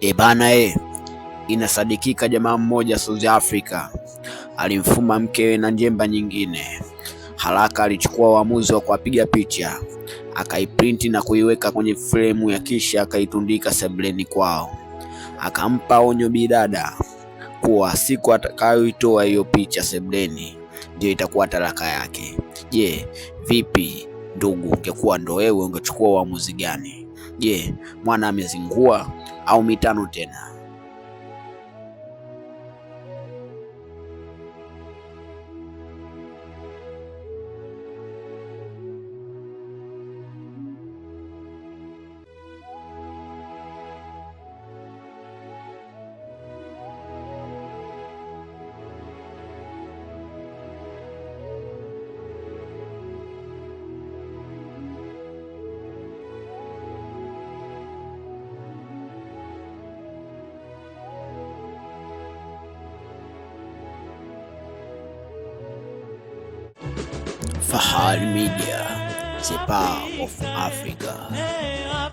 E bana e, inasadikika jamaa mmoja South Africa alimfuma mkewe na njemba nyingine. Haraka alichukua uamuzi wa kuwapiga picha, akaiprinti na kuiweka kwenye fremu ya kisha akaitundika sebuleni kwao. Akampa onyo bidada kuwa siku atakayoitoa hiyo picha sebuleni ndio itakuwa talaka yake. Je, vipi ndugu, ungekuwa ndo wewe ungechukua uamuzi gani? Je, mwana amezingua au mitano tena? Fahad Media, the power of Africa.